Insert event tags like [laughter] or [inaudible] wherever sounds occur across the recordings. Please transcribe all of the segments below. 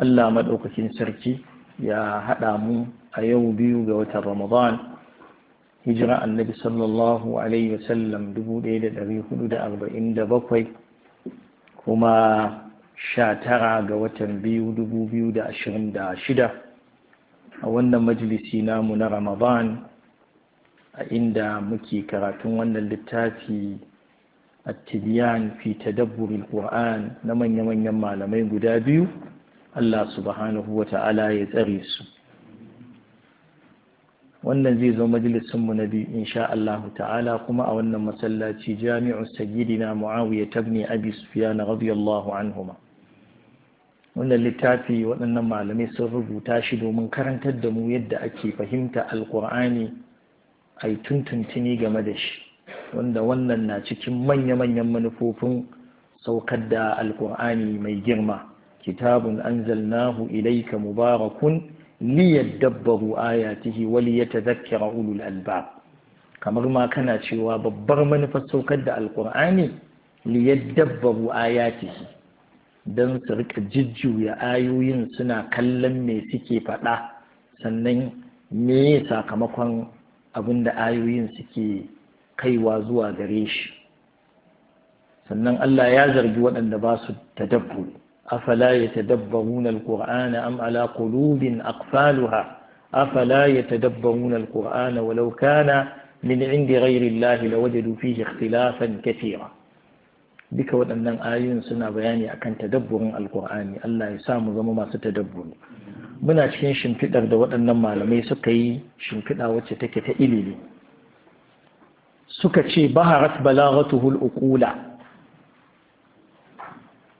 Allah maɗaukacin sarki ya haɗa mu a yau biyu ga watan Ramadan hijira annabi sallallahu alaihi wasallam 1447 kuma tara ga watan biyu 2026 a wannan majalisi namu na Ramadan a inda muke karatun wannan littafi التبيان في تدبر Na manya-manyan malamai guda biyu. Allah subhanahu wa ta'ala ya tsare su wannan zai zo majalisunmu na biyu insha Allah ta'ala kuma a wannan masallaci jami'un sagidina muawiya tabni abi sufyan radiyallahu anhuma wannan littafi waɗannan malamai sun rubuta shi domin karantar da mu yadda ake fahimta alkur'ani a yi tuntuntuni game da shi wanda wannan na cikin manya-manyan manufofin saukar da alkur'ani mai girma kitabun anzalnahu ilaika mubarakun liyadabbaru ayatihi wa liyatadhakkara ulul albab kamar ma kana cewa babbar manufar saukar da alqur'ani ya ayatihi dan su rika jujjuya ayoyin suna kallon me suke faɗa sannan me sakamakon abin da ayoyin suke kaiwa zuwa gare shi sannan Allah ya zargi waɗanda ba su tadabburi أفلا يتدبرون القرآن أم على قلوب أقفالها أفلا يتدبرون القرآن ولو كان من عند غير الله لوجدوا فيه اختلافا كثيرا duka waɗannan ayunan suna bayani akan tadabburin alkur'ani Allah ya sa mu zama masu tadabburi muna cikin shimfiɗar da waɗannan malamai suka yi shimfiɗa wacce take ta ilimi suka ce Balaratu Hul uqula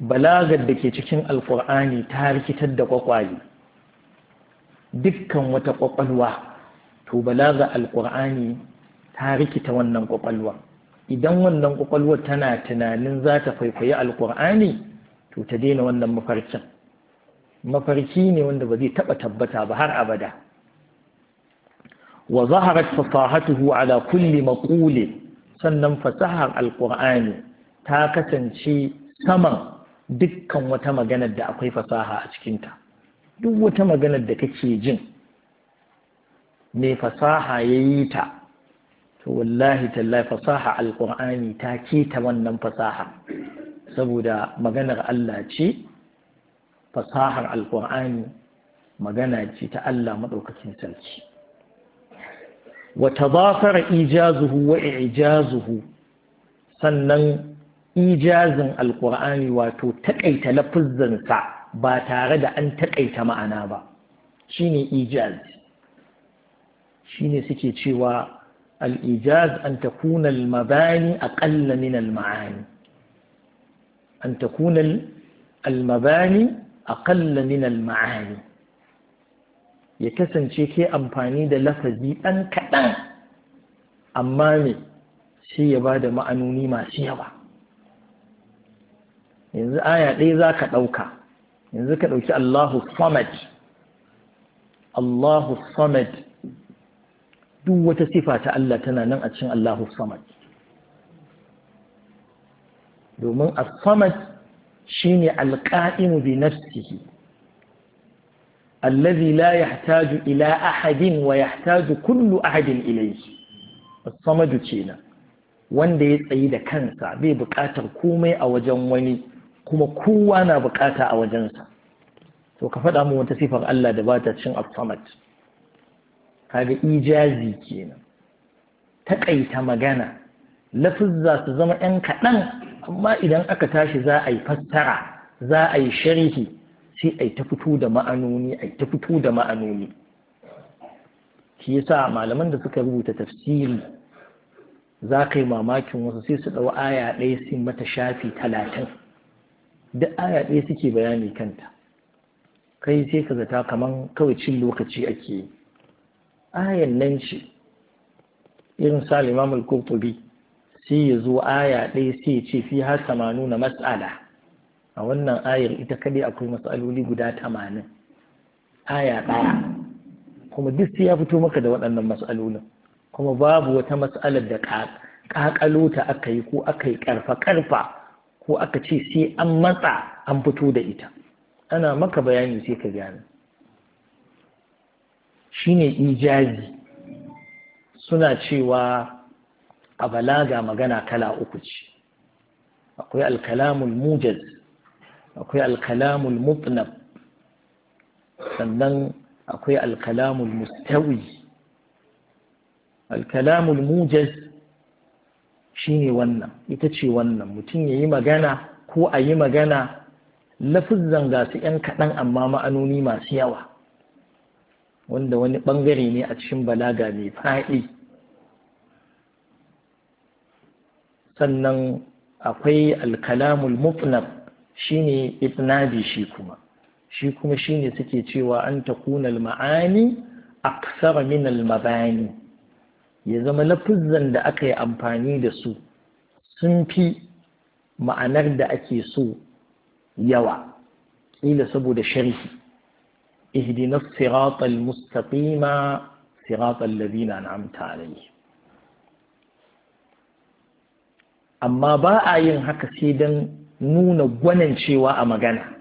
balagar da ke cikin alkur'ani ta rikitar da kwakwale dukkan wata kwakwalwa to balagar alkur'ani ta rikita wannan kwakwalwa idan wannan kwakwalwar tana tunanin za ta Alƙur'ani, alkur'ani to ta daina wannan mafarkin mafarki ne wanda ba zai taɓa tabbata ba har abada wa zaharat fasahatuhu ala kulli maƙule sannan fasahar alkur'ani ta kasance saman dukkan wata maganar da akwai fasaha a cikinta duk wata maganar da kake jin mai fasaha ya yi ta to wallahi tallahi fasaha alkur'ani ta keta wannan fasaha saboda maganar Allah ce fasahar alkur'ani magana ce ta Allah maɗaukakin sarki wata ba ijazuhu wa ijazuhu sannan ijazin alkur'ani wato takaita lafuzzansa ba tare da an takaita ma'ana ba shine ijaz shine suke cewa al-ijaz an takuna al-mabani aqalla min al-ma'ani an takuna al-mabani aqalla min al-ma'ani ya kasance ke amfani da lafazi ɗan kaɗan amma ne sai ya ba da ma'anoni masu yawa yanzu aya ɗaya za ka ɗauka yanzu ka ɗauki Allahu samad Allahu samad duk wata sifa ta Allah tana nan a cikin Allahu samad domin as-samad shine alqa'imu bi nafsihi الذي لا ahadin إلى أحد kullu ahadin أحد إليه الصمد كينا wanda ya tsayi da kansa bai buƙatar komai a wajen wani kuma kowa na bukata a wajensa to ka faɗa mu wata sifar Allah da ba ta cin absamat kaga ijazi kenan taƙaita magana lafizza su zama ‘yan kaɗan amma idan aka tashi za a yi fassara za a yi sharhi sai a yi ta fito da ma'anoni a yi ta fito da ma'anoni shi yasa malaman da suka rubuta tafsiri za ka yi mamakin wasu sai su ɗau aya ɗaya sai mata shafi talatin duk aya ɗaya suke bayani kanta kai sai ka zata kamar kawai cin lokaci ake yi ayan nan ce irin sa imam al sai ya zo aya ɗaya sai ya ce fi har samanu na mas'ala a wannan ayar ita kadai akwai mas'aloli guda tamanin aya ɗaya kuma duk sai ya fito maka da waɗannan mas'alolin kuma babu wata mas'alar da ƙaƙalo ta aka yi ko aka yi ƙarfa ƙarfa ko aka ce sai an matsa an fito da ita ana maka bayani sai ka gane shine ijazi suna cewa a balaga magana kala uku ce akwai alkalamul mujaz akwai alkalamul mutnab sannan akwai alkalamul mustawi alkalamul mujaz shi ne wannan ita ce wannan mutum ya yi magana ko a yi magana lafizan gasu 'yan kaɗan amma ma'anoni masu yawa wanda wani ɓangare ne a cikin balaga mai faɗi sannan akwai alkalamul mufnab shine isnadi shi kuma shi kuma shine suke cewa an takuna ma'ani a min al-mabani ya zama lafuzzan da aka yi amfani da su sun fi ma'anar da ake so yawa ƙila saboda sharhi ihdina siratal mustaqima siratal ladina an'amta alayhi amma ba a yin haka sai dan nuna gwanin cewa a magana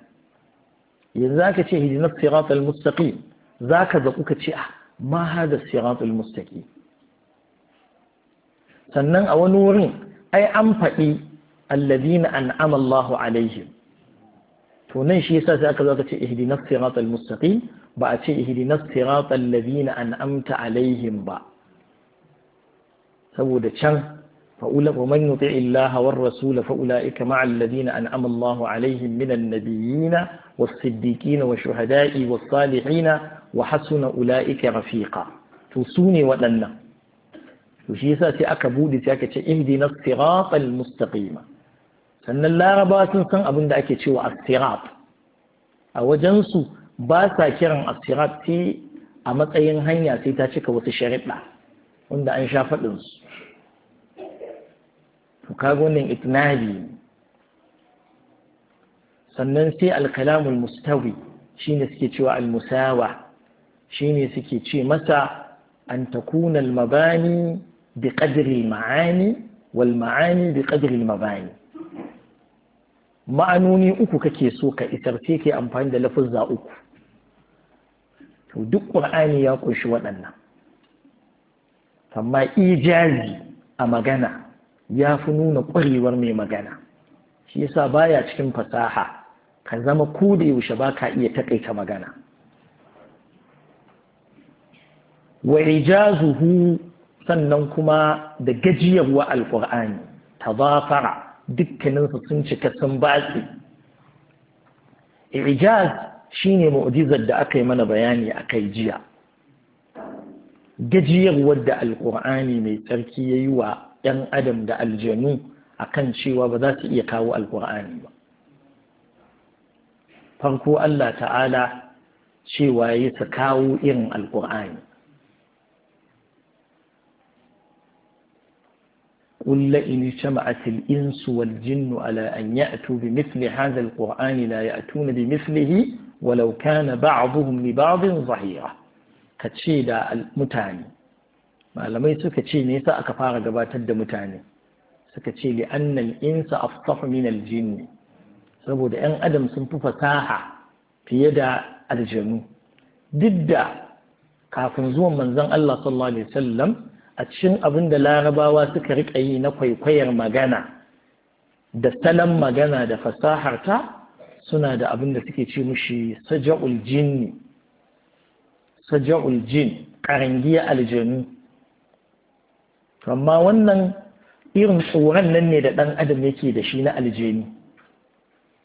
yanzu aka ce hidina siratal mustaqim zaka zaku ka ce ah ma hada siratal mustaqim sannan a wani wurin ai an faɗi alladina an amallahu alaihim to nan shi yasa sai aka zo ka ce ihdina siratal mustaqim ba a ce ihdina siratal ladina an'amta amta alaihim ba saboda can fa'ula wa man yuti illaha war rasul fa ulaika ma alladina an amallahu alaihim min an والصديقين wa والصالحين ula'ika أولئك رفيقا تسوني waɗannan. to shi yasa sai aka bude sai aka ce ihdina siratal mustaqim sannan laraba sun san abin da ake cewa as-sirat a wajen su ba sa kiran as-sirat sai a matsayin hanya sai ta cika wasu shariɗa wanda an sha faɗin su to kaga wannan itnabi sannan sai al-kalamul mustawi shine suke cewa al-musawa shine suke ce masa an takuna al-mabani bi qadri ma'ani wal ma'ani bi mabani ma'anoni uku kake so ka isar sai amfani da lafuzza uku to duk qur'ani ya ƙunshi waɗannan amma ijazi a magana ya fi nuna ƙwarewar mai magana shi yasa baya cikin fasaha ka zama ko da yaushe ba ka iya taƙaita magana wa ijazuhu sannan kuma da gajiyarwa alƙur'ani tazafara dukkaninsu sun cika sun batsi ijaz shine mu'jizar da aka yi mana bayani a kai jiya gajiyarwar da alƙur'ani mai tsarki ya yi wa 'yan adam da aljanu akan cewa ba za su iya kawo alƙur'ani ba farko Allah ta'ala cewa ya su kawo irin alƙur'ani قل لئن اجتمعت الإنس والجن على أن يأتوا بمثل هذا القرآن لا يأتون بمثله ولو كان بعضهم لبعض ظهيرا كتشيد المتاني malamai suka ce ne sa aka fara gabatar da mutane suka ce li annal insa afsahu min aljinn saboda yan adam sun fi fasaha fiye da aljanu duk kafin zuwan manzon Allah sallallahu a cikin abin da larabawa suka riƙa yi na kwaikwayar magana da salon magana da fasaharta suna da abin da suke ce mushi saja'ul jinni saja'ul jin karangiya aljanu amma wannan irin tsoron nan ne da ɗan adam yake da shi na aljani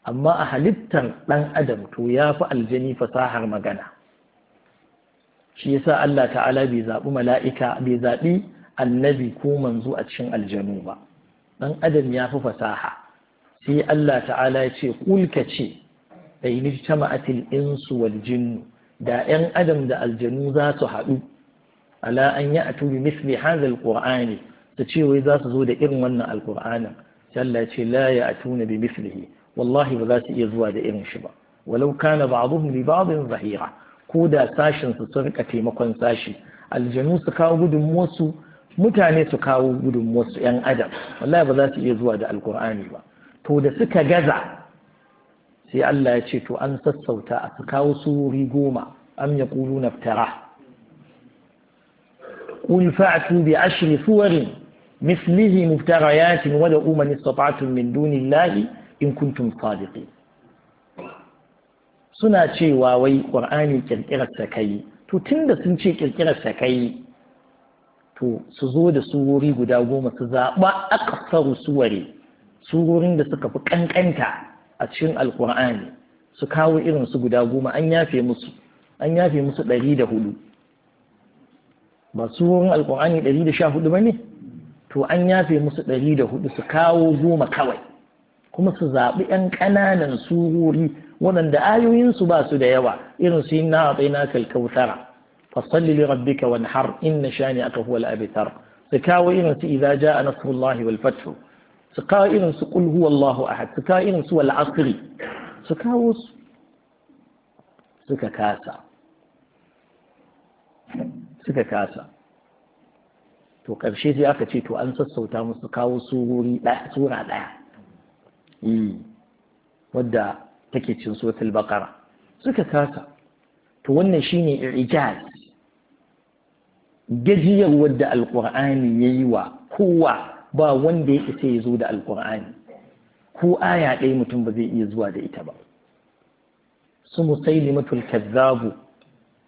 amma a halittar ɗan adam to ya fi aljani fasahar magana shi yasa Allah ta'ala bai zaɓi mala'ika bai zaɓi annabi ko manzo a cikin aljanu ba dan adam ya fi fasaha sai Allah ta'ala ya ce kulka ce ta ma'atil insu wal jinnu da yan adam da aljanu za su haɗu ala an ya'tu bi misli hadha alqur'ani su ce wai za su zo da irin wannan alqur'anin sai Allah ya ce la tuna bi mislihi wallahi ba za su iya zuwa da irin shi ba walau kana ba'dhum li ba'dhin zahira ko da su sun rika taimakon sashi aljanu su kawo gudunmuwarsu mutane su kawo gudunmuwarsu yan adam wallahi ba za su iya zuwa da alkur'ani ba to da suka gaza sai Allah ya ce to an sassauta a su kawo surori goma am ya kulu naftara قل فأتوا بعشر صور mislihi مفتريات ودعوا da استطعتم من دون الله in كنتم صادقين suna cewa wai ƙur'ani ƙirƙirar ta kai to tun da sun ce ƙirƙirar ta kai to su zo da wuri guda goma su zaɓa akasaru suware wurin da suka fi ƙanƙanta a cikin alƙur'ani su kawo irin su guda goma an yafe musu an yafe musu ɗari da hudu ba wurin alƙur'ani ɗari da sha hudu ba ne to an yafe musu ɗari da hudu su kawo goma kawai kuma su zaɓi 'yan ƙananan suhuri waɗanda ayoyinsu ba su da yawa irin su yin na a tsaye na kalkautara fasalli li rabbika wanhar inna shani aka huwa al'abitar su kawo irin su idza jaa nasrullahi wal fatu su kawo irin su qul huwallahu ahad su kawo irin su wal asri su kawo su suka kasa suka kasa to ƙarshe sai aka ce to an sassauta musu kawo su wuri ɗaya sura ɗaya wadda take cin suratul baqara suka kasa to wannan shine i'jaz gajiyar wadda alqur'ani yayi wa kowa ba wanda ya isa ya zo da alqur'ani ko aya ɗaya mutum ba zai iya zuwa da ita ba su musailimatul kazzabu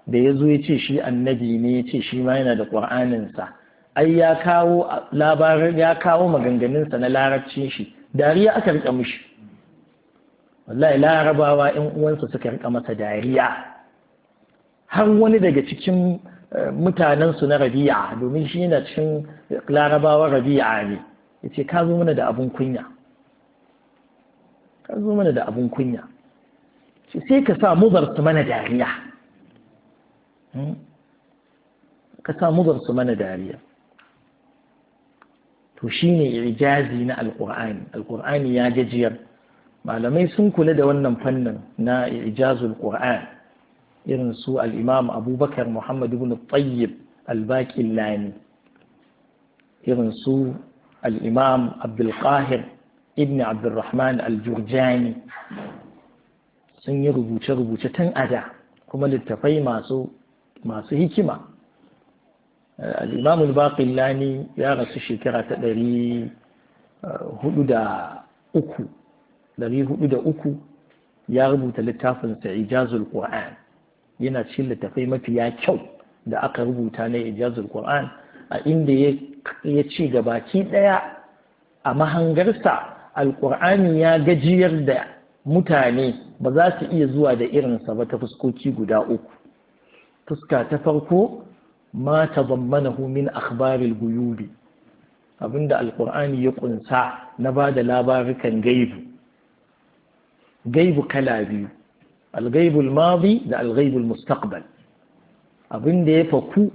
da ya zo ya ce shi annabi ne ya ce shi ma yana da ƙur'aninsa ai ya kawo ya kawo maganganunsa na larabcin shi dariya aka rika mishi wallahi larabawa yan uwansa suka rika masa dariya har wani daga cikin eh, mutanensu na rabi'a domin shi yana cikin larabawa rabi'a ne ya ce ka zo mana da abin kunya ka zo mana da abin kunya sai ka sa mubarsu mana dariya hmm? ka sa mana dariya to shine ijazi na Alƙur'ani. Alƙur'ani ya gajiyar malamai sun kula da wannan fannin na ijazul qur'an irin su al-imam abubakar muhammad ibn tayyib al-baqillani irin su al-imam abdul qahir ibn abdurrahman al-jurjani sun yi rubuce-rubuce tun ada kuma littafai masu masu hikima الإمام الباقلاني يا رسول شكرا تدري هدودا ɗari دري eh, da uku. ya rubuta littafinsa ijazul qur'an yana cikin littafai mafiya kyau da aka rubuta na ijazul qur'an a inda ya ci gabaki ɗaya a mahangarsa alqur'ani ya gajiyar da mutane ba za su iya zuwa da irinsa ba ta fuskoki guda uku fuska ta farko ما تضمنه min أخبار الغيوب abinda alkur'ani ya kunsa na ba da labarukan gaibu gaibu kala biyu algaibul madi da algaibul mustaqbal abinda ya faku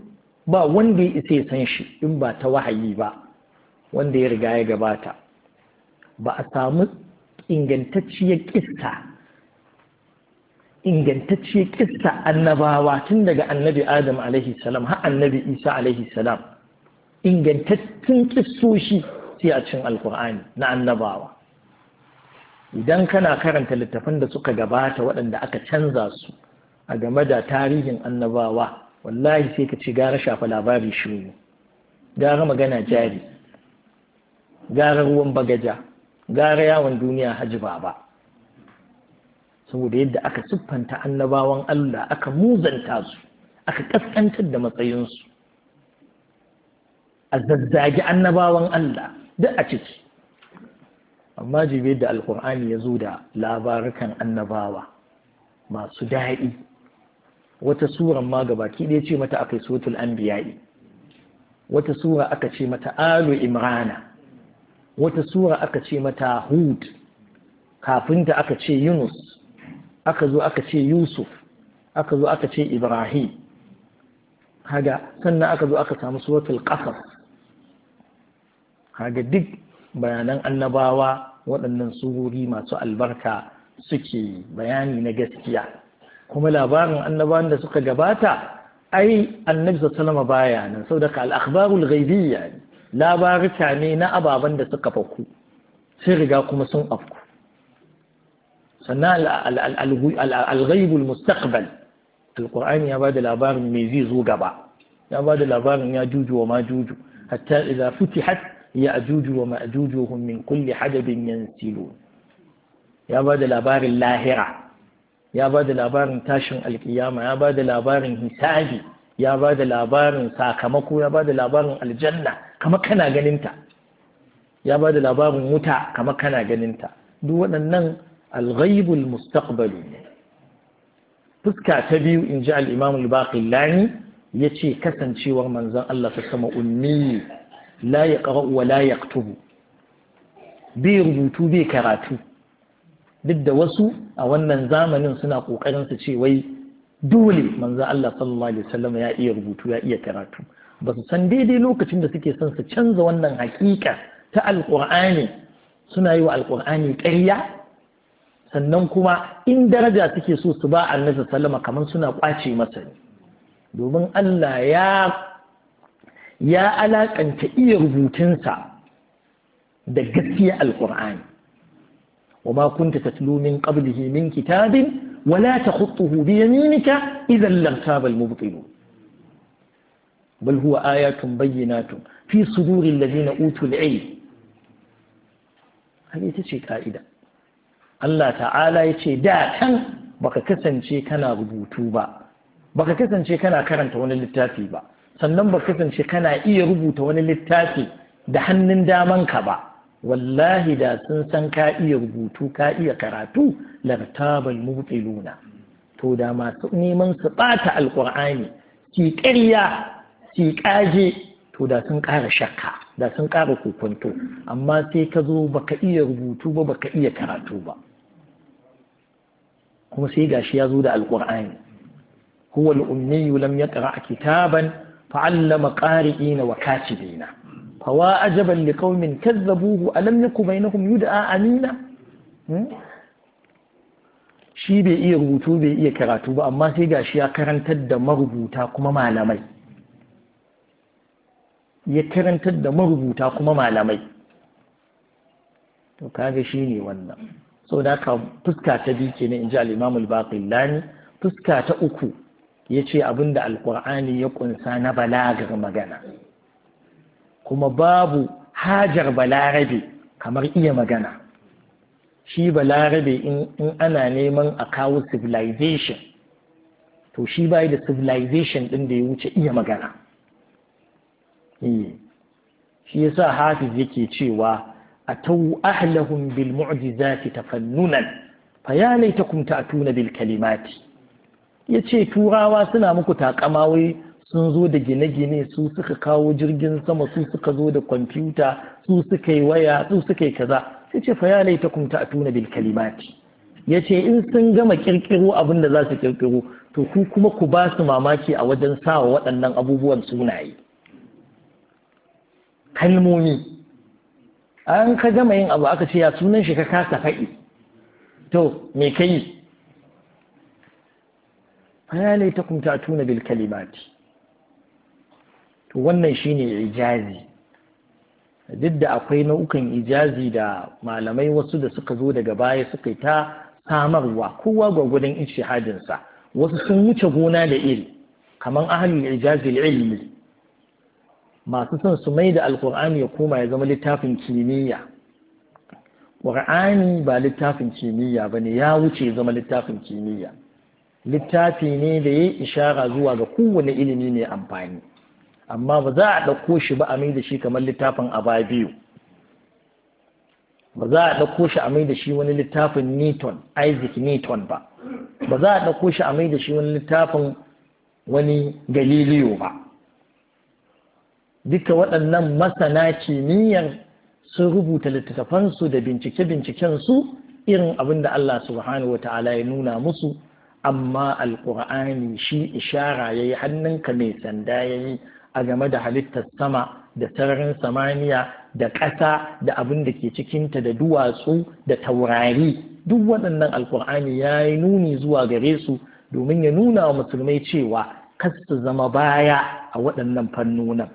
ba wanda ya isa ya san shi in ba ta wahayi ba wanda ya riga ya gabata ba a samu ingantacciyar kista ingantacce kissa annabawa tun daga annabi adam alaihi salam har annabi isa alaihi salam ingantattun kissoshi sai a cin alkur'ani na annabawa idan kana karanta littattafan da suka gabata waɗanda aka canza su a game da tarihin annabawa wallahi sai ka ci gara shafa labari shiru gara magana jari gara ruwan bagaja gara yawon duniya hajji baba saboda yadda aka siffanta annabawan Allah aka muzanta su aka ƙasƙantar da matsayinsu a zazzagi annabawan Allah duk a ciki amma jibe da alkur'ani ya zo da labarukan annabawa masu daɗi wata suran ma ga baki ɗaya ce mata aka yi sotul anbiya'i wata sura aka ce mata alu imrana wata sura aka ce mata hud kafinta aka ce yunus aka zo aka ce yusuf aka zo aka ce ibrahim haga sannan aka zo aka samu suratul qasas haga duk bayanan annabawa waɗannan suhuri masu albarka suke bayani na gaskiya kuma labarin annabawan da suka gabata ai annabi sallama baya nan saboda al-akhbarul ghaibiyya labarika ne na ababan da suka faku sai riga kuma sun afku sannan alghaibul mustaqbal alqur'ani ya bada labarin me zai zo gaba ya bada labarin ya juju wa majuju hatta idza futihat ya ajuju wa ma'jujuhum min kulli hadabin yansilun ya bada labarin lahira ya bada labarin tashin alkiyama ya bada labarin hisabi ya bada labarin sakamako ya bada labarin aljanna kamar kana ganinta ya bada labarin wuta kamar kana ganinta duk waɗannan alghaibul mustaqbalu fuska ta biyu inji ji al'imam al-baqillani ya ce kasancewar manzan Allah ta sama ummi la ya wa la ya rubutu bai karatu duk da wasu a wannan zamanin suna ƙoƙarin su ce wai dole manzan Allah sallallahu alaihi ya iya rubutu ya iya karatu ba san daidai lokacin da suke son su canza wannan hakika ta alƙur'ani suna yi wa alƙur'ani ƙarya sannan kuma in daraja suke so su ba annabi salama kamar suna kwace masa ni. domin Allah ya ya iya rubutunsa da gaskiya alkur'ani wa ma kunta tatlu min qablihi min kitabin wa la takhutuhu bi yaminika idan lartaba almubtilun bal huwa ayatun bayyinatun fi suduril ladina utul hali ita ce ka'ida Allah ta'ala ya ce da kan baka kasance kana rubutu ba baka kasance kana karanta wani littafi ba sannan baka kasance kana iya rubuta wani littafi da hannun damanka ba wallahi da sun san ka iya rubutu ka iya karatu lartabal muqiluna to da masu neman su bata alqur'ani ki ƙarya ki kaje, to da sun ƙara shakka da sun ƙara kokonto amma sai ka zo baka iya rubutu ba baka iya karatu ba kuma sai gashi ya zo da alqur'ani huwa al ya lam a kitaban fa'allama na wa katibina fawa ajaban liqaumin kazzabuhu alam yakun bainahum yud'a amina hmm? shi bai iya rubutu bai iya karatu ba amma sai gashi ya karantar da marubuta kuma malamai ya karantar da marubuta kuma malamai to kaga shi ne wannan so da ka fuska ta biyu kenan in ji al'imamu Lani fuska ta uku ya ce abinda alkur'ani ya kunsa na balagar magana kuma babu hajar balarabe kamar iya magana shi balarabe in ana neman a kawo civilization to shi bai da civilization din da ya wuce iya magana eh, shi yasa hafiz yake cewa أتوا أهلهم بالمعجزات تفننا فيا ليتكم تأتون بالكلمات yace turawa suna muku wai sun zo da gine-gine su suka kawo jirgin sama su suka zo da kwamfuta su suka yi waya su suka yi kaza sai ce fa ya laita kum ta'tuna bil kalimati yace in sun gama kirkiro abin da za su kirkiro to ku kuma ku ba su mamaki a wajen sawa waɗannan abubuwan sunaye kalmomi an ka gama yin abu aka ce ya sunan shi ka kasa faɗi to me ka yi hayalai ta kumta tuna bil kalimati to wannan shine ijazi duk da akwai nau'ukan ijazi da malamai wasu da suka zo daga baya suka yi ta samarwa kowa gwagwadon ishihadinsa wasu sun wuce gona da iri kamar ahalin ijazi ilimi. masu son su mai da alkur'ani ya koma ya zama littafin kimiyya ƙur'ani ba littafin kimiyya ba ne ya wuce zama littafin kimiyya littafi ne da ya ishara zuwa ga kowane ilimi mai amfani amma ba za a ɗauko shi ba a mai da shi kamar littafin ababiyu ba za a ɗauko shi a mai da shi wani littafin newton isaac newton ba ba za a ɗauko shi a mai da shi wani littafin wani galileo ba duka waɗannan masana kimiyyar sun rubuta littattafansu da bincike bincikensu irin abin da Allah subhanahu wa ta'ala ya nuna musu amma alƙur'ani shi ishara ya yi hannunka mai sanda ya yi a game da halittar sama da sararin samaniya da ƙasa da abin da ke cikinta da duwatsu da taurari duk waɗannan alƙur'ani ya yi nuni zuwa gare su domin ya nuna wa musulmai cewa kas su zama baya a waɗannan fannonin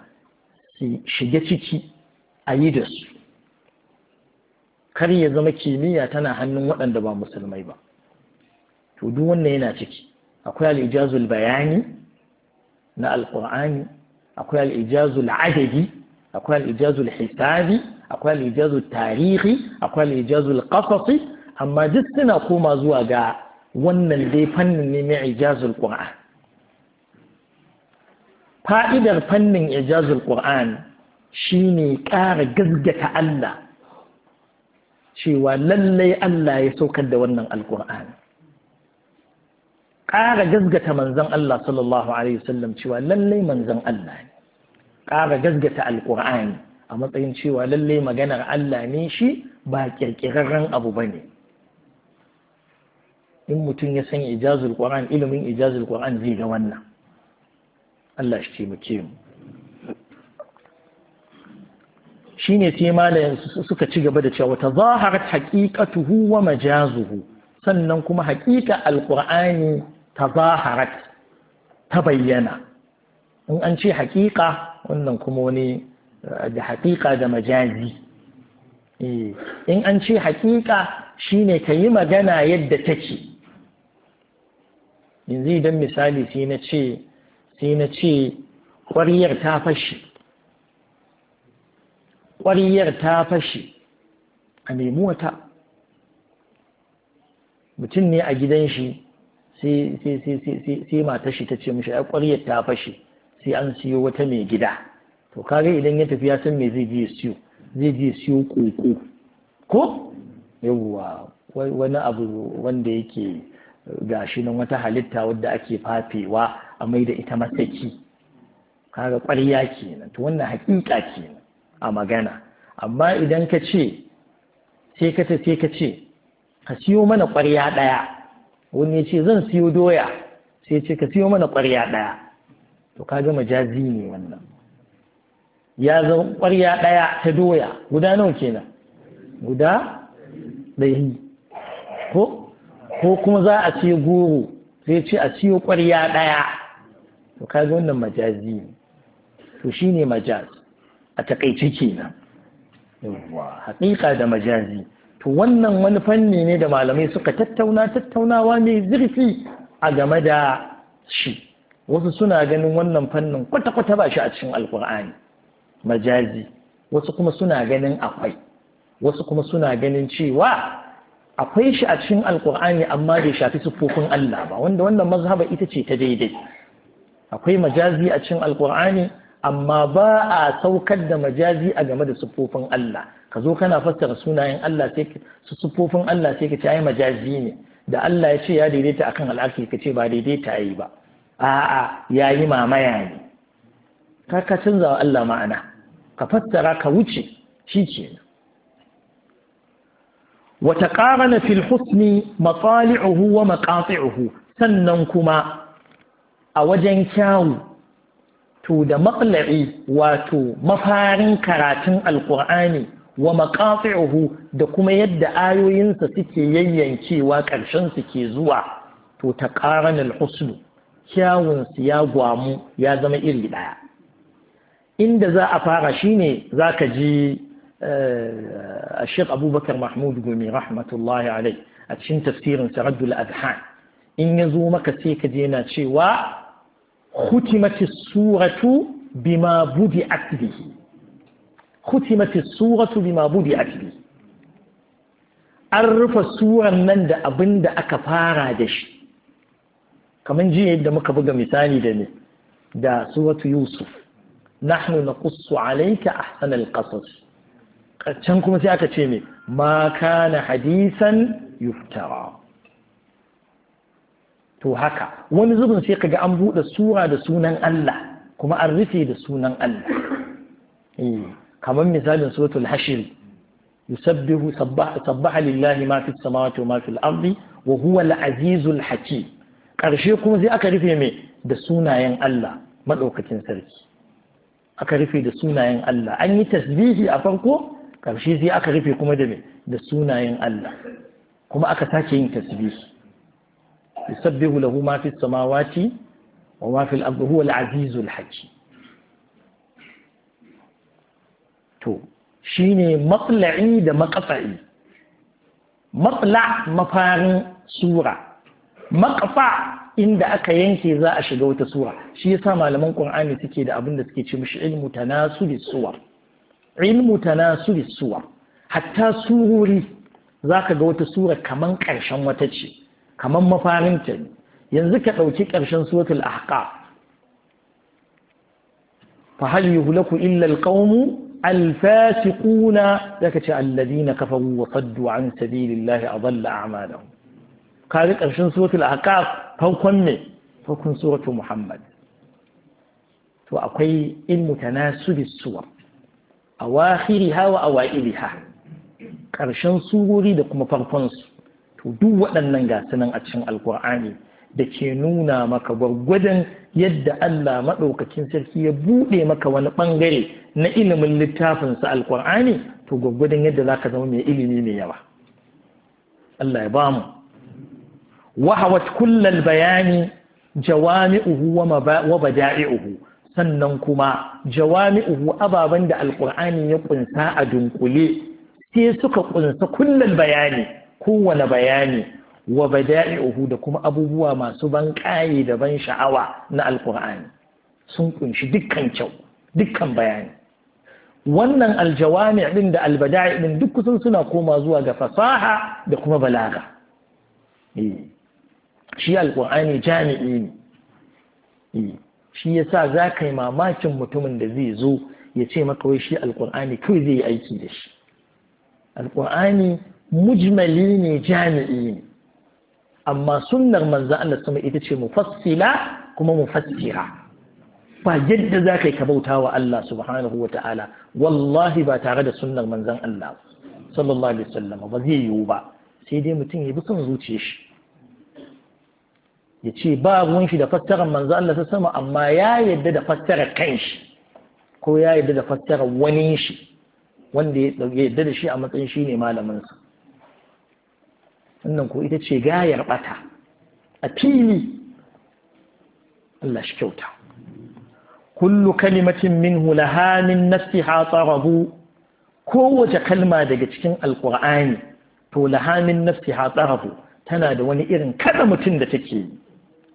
shige ciki a yi da su kar ya zama kimiyya tana hannun waɗanda ba musulmai ba to duk wannan yana ciki akwai al'ijazul bayani na alƙur'ani akwai al'ijazul adadi akwai al'ijazul hisabi akwai al'ijazul tarihi akwai al'ijazul qasasi amma duk suna koma zuwa ga wannan dai fannin ne mai ijazul fa'idar fannin ijazul qur'an shine ƙara gaggata Allah cewa lallai Allah ya saukar da wannan alƙur'ani ƙara gaggata manzon Allah sallallahu alaihi wasallam cewa lallai manzon Allah ne ƙara gaggata alƙur'ani a matsayin cewa lallai maganar Allah ne shi ba ƙirƙirarren abu bane in mutum ya san ijazul qur'an ilimin ijazul qur'an zai ga wannan Allah shi taimake mu shine sai malayan suka ci gaba da cewa tazaharat haqiqatuhu wa majazuhu sannan kuma haqiqa alqur'ani tazaharat ta bayyana in an ce haqiqa wannan kuma wani eh, da haqiqa da majazi eh, in an ce shi shine ka yi magana yadda take yanzu idan misali sai na ce sai na ce ƙwariyar ta fashe ƙwariyar ta fashe a nemi wata mutum ne a gidan shi sai mata shi ta ce mashi A ƙwariyar ta fashe sai an siyo wata mai gida to kare idan ya tafi ya san mai zai biya siyo zai biya siyo koko ko yawwa wani abu wanda yake gashi nan wata halitta wadda ake fafewa a mai da ita masaki kaga ƙwarya kenan to wannan haƙiƙa kenan a magana amma idan ka ce sai ka sai ka ce ka siyo mana ƙwarya ɗaya wani ya ce zan siyo doya sai ce ka siyo mana ƙwarya ɗaya to kaga majazi ne wannan ya zama ƙwarya ɗaya ta doya guda nawa kenan guda ɗari ko ko kuma za a ce goro sai ce a ciyo ƙwarya ɗaya to ka ga wannan majazi ne to shi ne majaz a takaice kenan yawwa haƙiƙa da majazi to wannan wani fanni ne da malamai suka tattauna tattaunawa mai zirfi a game da shi wasu suna ganin wannan fannin kwata-kwata ba shi a cikin alkur'ani majazi wasu kuma suna ganin akwai wasu kuma suna ganin cewa akwai shi a cikin alkur'ani amma bai shafi siffofin Allah ba wanda wannan mazhaba ita ce ta daidai akwai majazi a cikin alkur'ani amma ba a saukar da majazi a game da siffofin Allah ka zo kana fassara sunayen Allah sai su siffofin Allah sai ka ce ai majazi ne da Allah ya ce ya daidaita akan al'aki ka ce ba daidaita yi ba a'a yayi mamaya ne ka ka canza wa Allah ma'ana ka fassara ka wuce shi kenan وتقارن في الحسن مطالعه ومقاطعه سننكما أوجن كاو تود مطلعي واتو مفارن كراتن القرآن ومقاطعه دكما يد آيو ينسى سكي ينكي وكرشن سكي زوا تو تقارن الحسن kyawun su ya gwamu ya zama iri daya inda za a fara shine zaka ji الشيخ أبو بكر محمود قومي رحمة الله عليه أتشين تفسير سرد الأذهان إن يزومك سيك دينا شيوا ختمت السورة بما بدأت به ختمت السورة بما بدأت به an rufe suran nan da abin da aka fara da shi kamar jiya yadda muka buga misali da ne da suratu yusuf nahnu naqussu alayka ahsanal qasas can kuma sai aka ce me ma kana hadisan yuftara to haka wani zubin sai kaga an buɗe sura da sunan Allah kuma an rufe da sunan Allah eh, kamar misalin suratul hashir yusabbihu sabbaha lillahi ma fis samawati wa ma ardi wa huwa al azizul hakim karshe kuma sai aka rufe mai da sunayen Allah madaukakin sarki aka rufe da sunayen Allah an yi tasbihi a farko ƙarshe sai aka rufe kuma da da sunayen Allah kuma aka sake yin tasbih yusabbihu lahu ma fis samawati wa ma fil ardi huwa al-azizul hakim to shine mafla'i da maqta'i matla mafarin sura maqfa inda aka yanke za a shiga wata sura shi yasa malaman qur'ani suke da abin da suke ce mushi ilmu tanasulis suwar ilmu tanasuri suwa hatta sururi zaka ga wata sura kaman ƙarshen wata ce kaman mafarinta ne yanzu ka ɗauki ƙarshen suratul ahqaf fa hal yuhlaku illa da alfasiquna zaka ce alladhina kafaru wa saddu an sabilillahi adalla a'malahum kare ƙarshen suratul ahqaf farkon me farkon suratul muhammad to akwai ilmu tanasubi suwa. a wa ha, ƙarshen surori da kuma farkon su to duk waɗannan ga a cikin alkur'ani da ke nuna maka gwargwadon yadda Allah maɗaukakin sarki ya buɗe maka wani ɓangare na ilimin littafinsa alkur'ani to gwargwadon yadda za ka zama mai ilimi mai yawa Allah ya bamu wahawat kullal bayani jawami'uhu wa bada'i'uhu sannan kuma jawami'uhu ababen da alkur'ani ya kunsa a dunkule sai suka kunsa kullum bayani kowane bayani wa bada'i'uhu da kuma abubuwa masu ban ƙaye da ban sha'awa na alkur'ani sun kunshi dukkan kyau dukkan bayani wannan aljawami din da albada'i din duk kusan suna koma zuwa ga fasaha da kuma balaga eh, shi alkur'ani jami'i ne eh. shi yasa za ka yi mamakin mutumin da zai zo ya ce maka wai shi alkur'ani kawai zai yi aiki da shi alkur'ani mujmali ne jami'i ne amma sunnar manzo Allah sama ita ce mufassila kuma mufassira ba yadda za ka yi wa Allah subhanahu wa ta'ala wallahi ba tare da sunnar manzon Allah sallallahu alaihi wasallam ba zai yiwu ba sai dai mutum ya bi son zuciyar shi ya ce ba ruwan shi da fassarar manzo Allah ta sama amma ya yadda da fassarar kanshi ko ya yadda da fassarar wani shi wanda ya yadda da shi a matsayin shi ne malaminsa wannan ko ita ce gayar bata a fili Allah shi kyauta kullu kalimatin minhu laha min nafsiha kowace kalma daga cikin alqur'ani to laha min nafsiha tana da wani irin kada mutum da take yi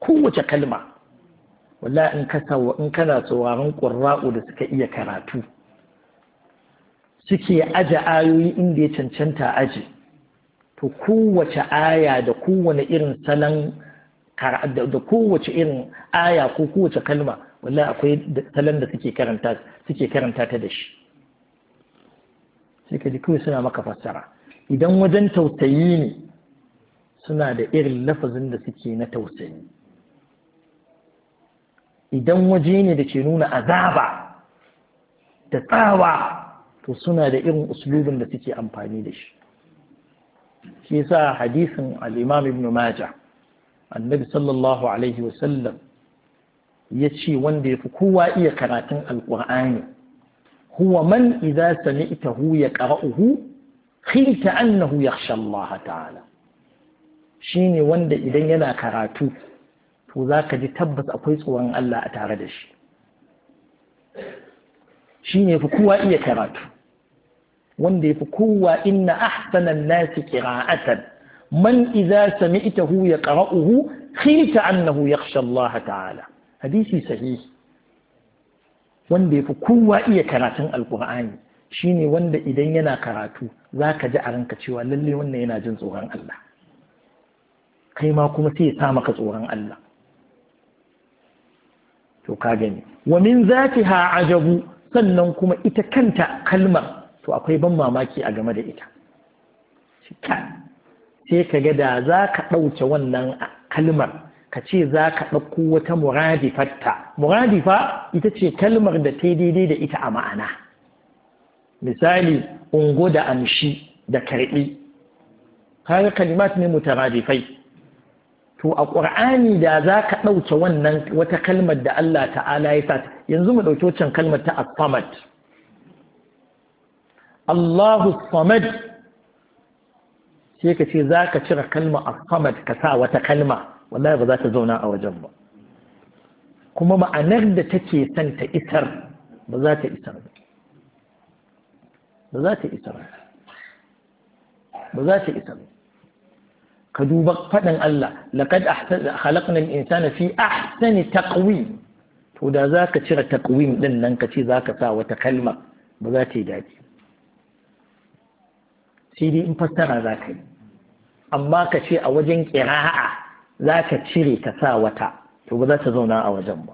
kowace kalma wala in ka in kana tsoron ƙurra'u da suka iya karatu suke aje ayoyi inda ya cancanta aje to kowace aya da kowane irin salon da kowace irin aya ko kowace kalma wala akwai salon da suke karanta suke karanta ta da shi sai ka ji kawai suna maka fassara idan wajen tausayi ne suna da irin lafazin da suke na tausayi idan waje ne da ke nuna azaba da tsawa to suna da irin uslubin da suke amfani da shi shi yasa hadisin al-imam ibn majah annabi sallallahu alaihi wasallam ya ce wanda ya fi kowa iya karatun alƙur'ani huwa man idza sami'tahu ya qara'uhu khilta annahu yakhsha Allah ta'ala shine wanda idan yana karatu to za ka ji tabbas akwai tsoron Allah a tare da shi shi ne fi kowa iya karatu wanda ya fi kowa inna ahsanan nasi qira'atan man idza sami'tahu yaqra'uhu khilta annahu yakhsha Allah ta'ala hadisi sahihi wanda ya fi kowa iya karatun alkur'ani shine wanda idan yana karatu za ka ji a ranka cewa lalle wannan yana jin tsoron Allah kai ma kuma sai ya sa maka tsoron Allah to ka gani wa min zatiha ajabu sannan kuma ita kanta kalmar to akwai ban mamaki a game da ita sai ka ga da za ka ɗauke wannan kalmar ka ce za ka ɗauko wata muradifatta muradifa ita ce kalmar da ta daidai da ita a ma'ana misali ungo da amshi da karɓi kaga kalimat ne mutaradifai to a ƙur'ani da za ka ɗauke wannan wata kalmar da Allah ta'ala ya sa yanzu mu ɗauki wancan kalmar ta as Allahu samad sai ka ce za ka cire kalmar as-samad ka sa wata kalma wallahi ba za ta zauna a wajen ba kuma ma'anar da take son ta isar ba za ta isar ba ba za ta isar ba za ta isar ba ka duba faɗin Allah laqad khalaqna al-insana fi ahsani taqwim to da zaka cire taqwim din nan ka ce zaka sa wata kalma ba za ta yi daɗi sai dai in fassara za ka yi amma ka ce a wajen ƙira'a za ka cire ka sa wata to ba za ta zauna a wajen ba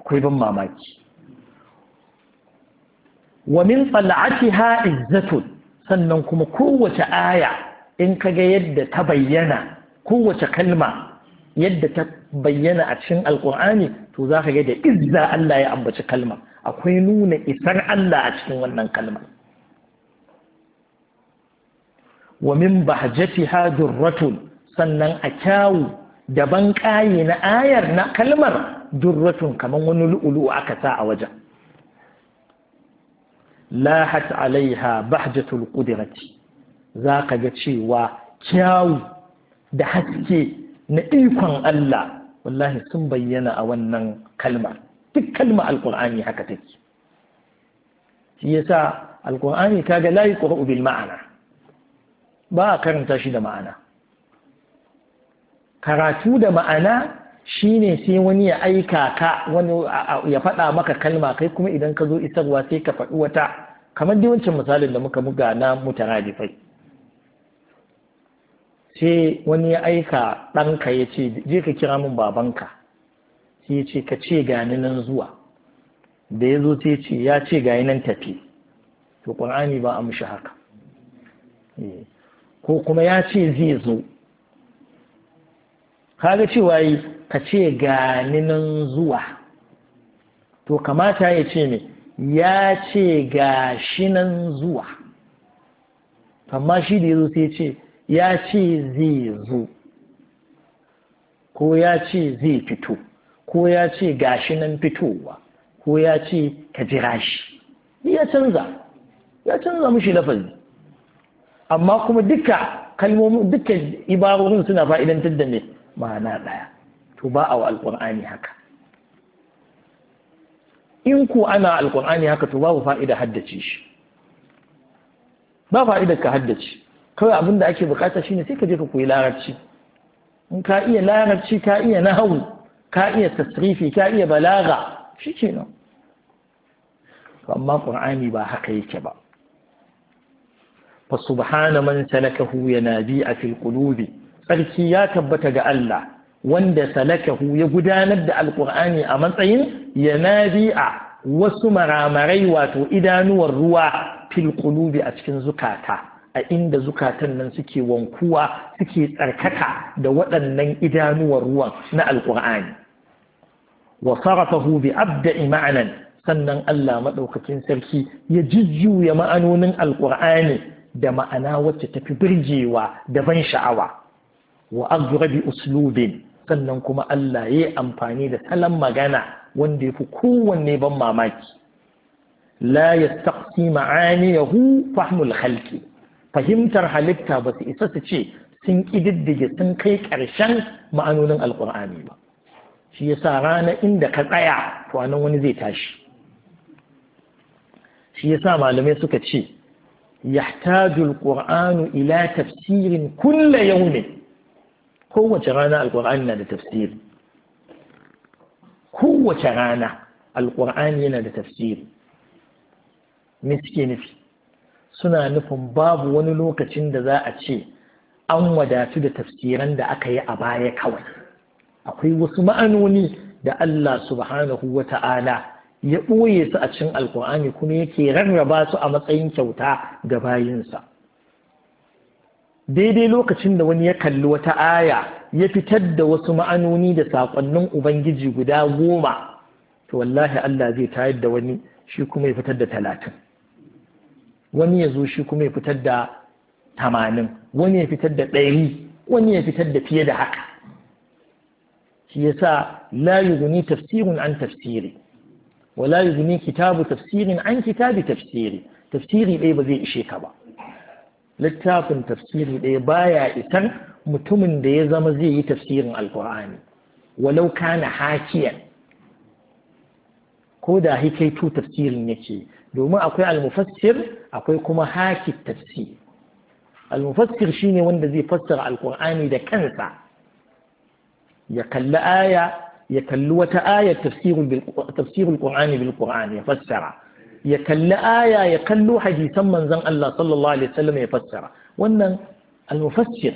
akwai ban mamaki wa min tsala'ati ha izzatun sannan kuma kowace aya in ka ga yadda ta bayyana kowace kalma yadda ta bayyana a cikin Alƙur'ani, to za ka ga da izza Allah ya ambaci kalma akwai nuna isar Allah a cikin wannan kalma wa min bahjatiha durratun sannan a kyawu daban kayi na ayar na kalmar durratun kamar wani lu'ulu aka sa a wajen lahat alaiha bahjatul qudrati za ka ga cewa kyawu da haske na ikon Allah wallahi sun bayyana a wannan kalma duk kalma alkur'ani haka take shi yasa alkur'ani kaga la yuqra'u bil ma'ana ba a karanta shi da ma'ana karatu da ma'ana shine sai wani ya aika ka wani ya faɗa maka kalma kai kuma idan ka zo isarwa sai ka faɗi wata kamar dai wancan misalin da muka buga na mutarajifai sai wani ya aika ɗanka ya ce je ka kira min babanka sai ya ce ka ce gani nan zuwa da ya zo sai ce ya ce gani nan tafi to ƙur'ani ba a mushi haka eh, ko kuma ya ce zai zo kaga cewa yi ka ce gani nan zuwa to kamata ya ce ne ya ce gashi nan zuwa amma shi da ya zo sai ce ya ce zai zo ko ya ce zai fito ko ya ce gashi nan fitowa ko ya ce ka jira shi ya canza ya canza mushi lafazi amma kuma duka kalmomin duka ibarorin suna fa'idantar da mai ma'ana ɗaya to ba a wa alƙur'ani haka in ku ana alƙur'ani haka to babu fa'ida haddace shi ba fa'idar ka haddace kawai abin da ake bukata shine sai ka je ka koyi larabci in ka iya larabci ka iya nahawu ka iya tasrifi ka iya balaga nan. amma qur'ani ba haka yake ba fa subhana man salakahu yanabi'a fil qulubi sarki ya tabbata ga Allah wanda salakahu ya gudanar da alqur'ani a matsayin yanabi'a wasu maramarai wato idanuwar ruwa fil qulubi a cikin zukata a inda zukatan nan suke wankuwa suke tsarkaka da waɗannan idanuwar ruwan na alƙur'ani wa sarafahu bi abda'i ma'anan sannan Allah maɗaukakin sarki ya jujjuya ma'anonin alƙur'ani da ma'ana wacce ta fi birgewa da ban sha'awa wa azrabi uslubin sannan kuma Allah ya yi amfani da salon magana wanda ya fi kowanne ban mamaki la ya ma'ani yahu fahmul khalqi fahimtar halitta ba su isa su ce sun ƙididdige sun kai ƙarshen ma'anonin alƙur'ani ba shi yasa rana inda ka tsaya to nan wani zai tashi shi yasa malamai suka ce yahtajul qur'anu ila tafsirin kulla yawmin kowace rana Alƙur'ani na da tafsiri kowace rana alqur'ani yana da tafsiri me suke nufi suna nufin babu wani lokacin da za a ce an wadatu da tafsiran da aka yi a baya kawai akwai wasu ma'anoni da Allah subhanahu wa ta'ala ya ɓoye su a cikin alkur'ani kuma yake rarraba su a matsayin kyauta ga bayinsa daidai lokacin da wani ya kalli wata aya ya fitar da wasu ma'anoni da saƙonnin ubangiji guda goma to wallahi Allah zai tayar da wani shi kuma ya fitar da talatin wani ya zo shi kuma ya fitar da tamanin wani ya fitar da ɗari wani ya fitar da fiye da haka shi sa la yughni tafsirin an tafsiri wa la yughni kitabu tafsirin an kitabi tafsiri tafsiri ɗaya ba zai ishe ka ba littafin tafsiri ɗaya baya isan mutumin da ya zama zai yi tafsirin alkur'ani walau kana hakiyan ko da hikaitu tafsirin yake domin akwai almufassir akwai kuma haki tafsir almufassir shine wanda zai fassara alkur'ani da kansa ya kalli aya ya kalli wata aya tafsirul qur'ani bil qur'an ya fassara ya kalli aya ya kallo hadisan manzon Allah sallallahu alaihi wasallam ya fassara wannan almufassir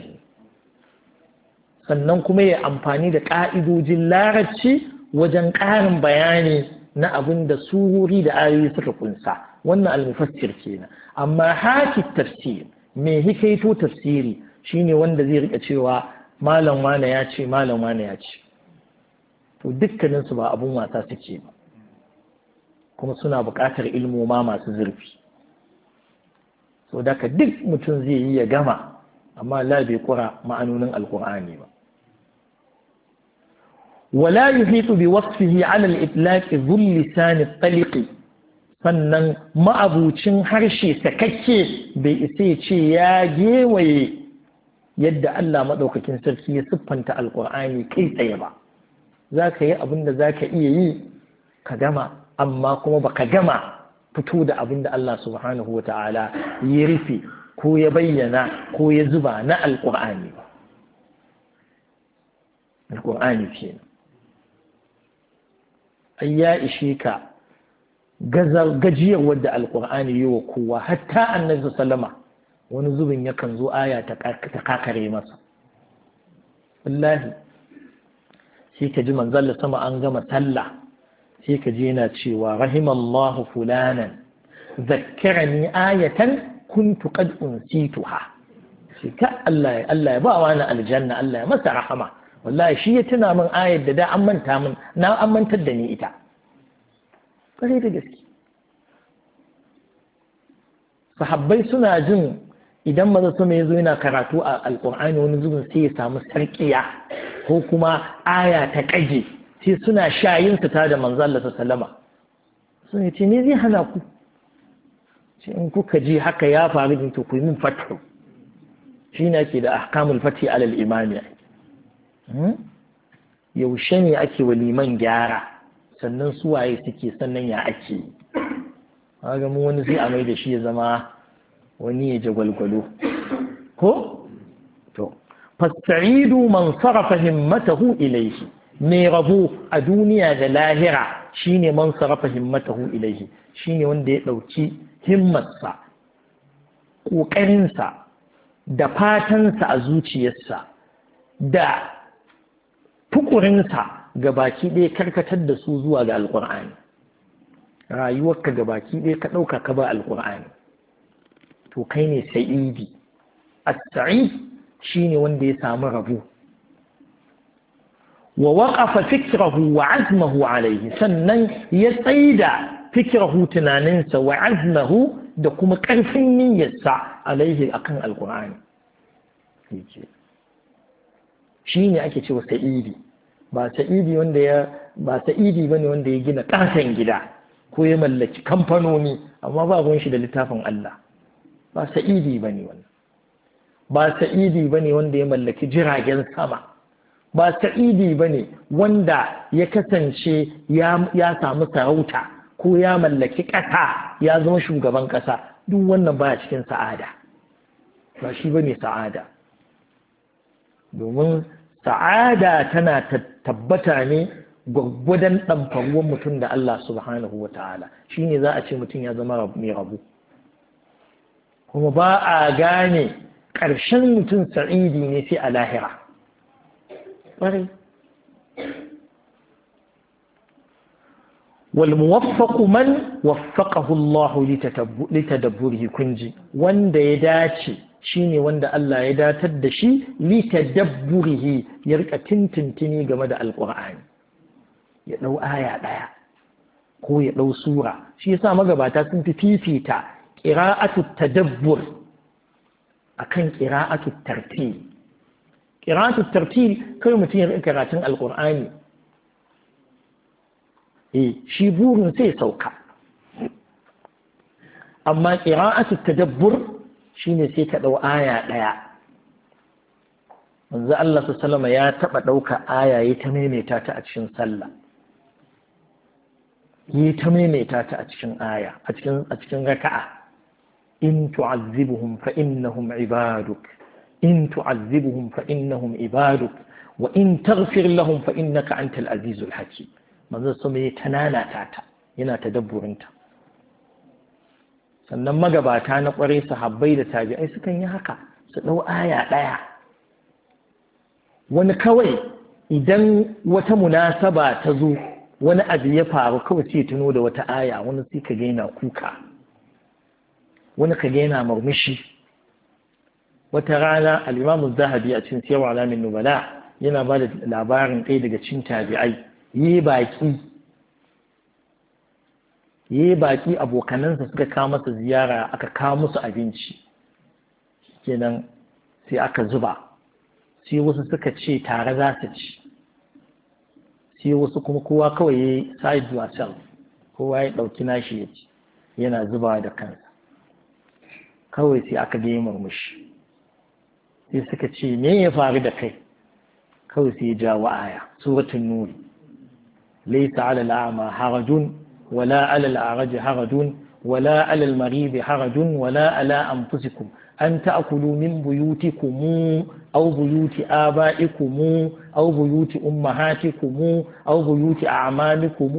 sannan kuma ya amfani da ka'idojin larabci wajen ƙarin bayani na abin da wuri da ayoyi suka kunsa wannan almufassir kenan amma haki tafsir mai hikaito tafsiri shine wanda zai rika cewa malam wane ya ce malam wane ya ce to dukkanin su ba abun wasa suke ba kuma suna buƙatar ilmoma masu zurfi so daka duk mutum zai yi ya gama amma la bai kura ma'anonin alkur'ani ba ولا يحيط بوصفه على الإطلاق ذو اللسان الطلق sannan ma'abucin harshe sakakke bai isa ya ce ya gewaye yadda Allah maɗaukakin sarki ya siffanta alƙur'ani kai tsaye ba za ka yi abin da za ka iya yi ka gama amma kuma ba ka gama fito da abin da Allah subhanahu wa ta'ala ya rufe ko ya bayyana ko ya zuba na alƙur'ani ba alƙur'ani kenan ai ya ishe ka gajiyar wadda alkur'ani yi wa kowa hatta annabi sallama wani zubin yakan zo aya ta kakare masa wallahi sai ka ji manzalla sama an gama talla sai ka ji yana cewa rahimallahu fulanan zakkarani ayatan kuntu qad unsituha shi ka Allah ya ba wa na aljanna Allah ya masa rahama wallahi shi ya tuna min ayar da da an manta min na an mantar da ni ita ƙwarai da gaske sahabbai suna jin idan maza su mai zo yana karatu a alƙur'ani wani zubin sai ya samu sarkiya ko kuma aya ta ƙage sai suna shayin ta da manzo Allah sallama sun ce ni zai hana ku ce in kuka ji haka ya faru din to ku yi min shi ne ke da ahkamul fati alal imaniya. Hmm? yaushe ne ake waliman gyara sannan su waye suke sannan ya ake ga mu wani sai a mai da shi ya zama wani ya jagwalgwalo ko to fasta'idu man sarafa himmatahu ilayhi mai rabu a duniya da lahira shine man sarafa himmatahu ilayhi shine wanda ya dauki himmarsa ƙoƙarinsa da fatansa a zuciyarsa da tukurinsa ga baki ɗaya karkatar da su zuwa ga alkur'ani rayuwarka ga baki ɗaya ka ɗauka ka ba alƙur'ani to kai ne sa'idi as-sa'id shine wanda ya samu rabo wa waqafa fikrahu wa azmahu alayhi sannan ya tsaida fikrahu tunaninsa wa azmahu da kuma ƙarfin niyyarsa alaihi akan alkur'ani shi ne ake cewa sa'idi ba idi wanda ya ba idi bane wanda ya gina kasan gida ko ya mallaki kamfanoni amma ba gon shi da littafin Allah ba idi bane wannan ba idi bane wanda ya mallaki jiragen sama ba idi bane wanda ya kasance ya samu sarauta ko ya mallaki ƙasa ya zama shugaban ƙasa duk wannan ba cikin sa'ada ba shi bane sa'ada domin sa'ada tana tabbata ne gwaggwadon ruwan mutum da Allah subhanahu wa ta'ala shi ne za a ce mutum ya zama mai rabu kuma ba a gane ƙarshen mutum sa'idi ne sai a lahira ƙwarai والموفق من وفقه الله لتدبره كنجي وان دا يداتي shine wanda Allah ya datar da shi li tadabburihi ya rika tintintini game da alqur'ani ya dau aya daya ko ya dau sura shi yasa magabata sun fi fifita qira'atu tadabbur akan qira'atu tartil qira'atu tartil kai mutum ya rika karatun alqur'ani eh shi burin sai sauka amma qira'atu tadabbur shine sai ka ɗau aya ɗaya manzo Allah sallama ya taɓa ɗauka aya ya ta maimaita ta a cikin sallah yi ta maimaita ta a cikin aya a cikin a cikin raka'a in tu'azzibuhum fa innahum ibaduk in tu'azzibuhum fa innahum ibaduk wa in taghfir lahum fa innaka antal azizul hakim manzo sama ya tanana ta ta yana tadabburinta sannan magabata na su sahabbai da tabi'ai sukan yi haka su ɗau aya ɗaya wani kawai idan wata munasaba ta zo wani abu ya faru kawai sai tuno da wata aya wani sai ka gaina kuka wani ka gaina murmushi wata rana al'imamu zahabi a cikin siyarwa alamin nubala yana ba da labarin ɗaya daga cin tabi'ai yi baƙi ya yi baƙi abokanansa suka kawo masa ziyara aka kawo musu abinci kenan sai aka zuba sai wasu suka ce tare za su ci sai wasu kuma kowa kawai ya yi side yourself kowa ya ɗauki nashi ya ci yana zuba da kansa kawai sai aka ga murmushi sai suka ce me ya faru da kai kawai sai ya jawo aya suratun nuri laysa ala al'ama harajun wala alal araji harajun wala alal maribi harajun wala ala anfusikum an ta'kulu min buyutikum aw buyuti abaikum aw buyuti ummahatikum aw buyuti a'mamikum